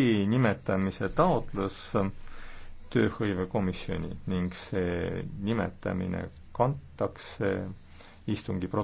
E nimetamise taotlus tööhõivekomisjoni ning see nimetamine kantakse istungi protokolli.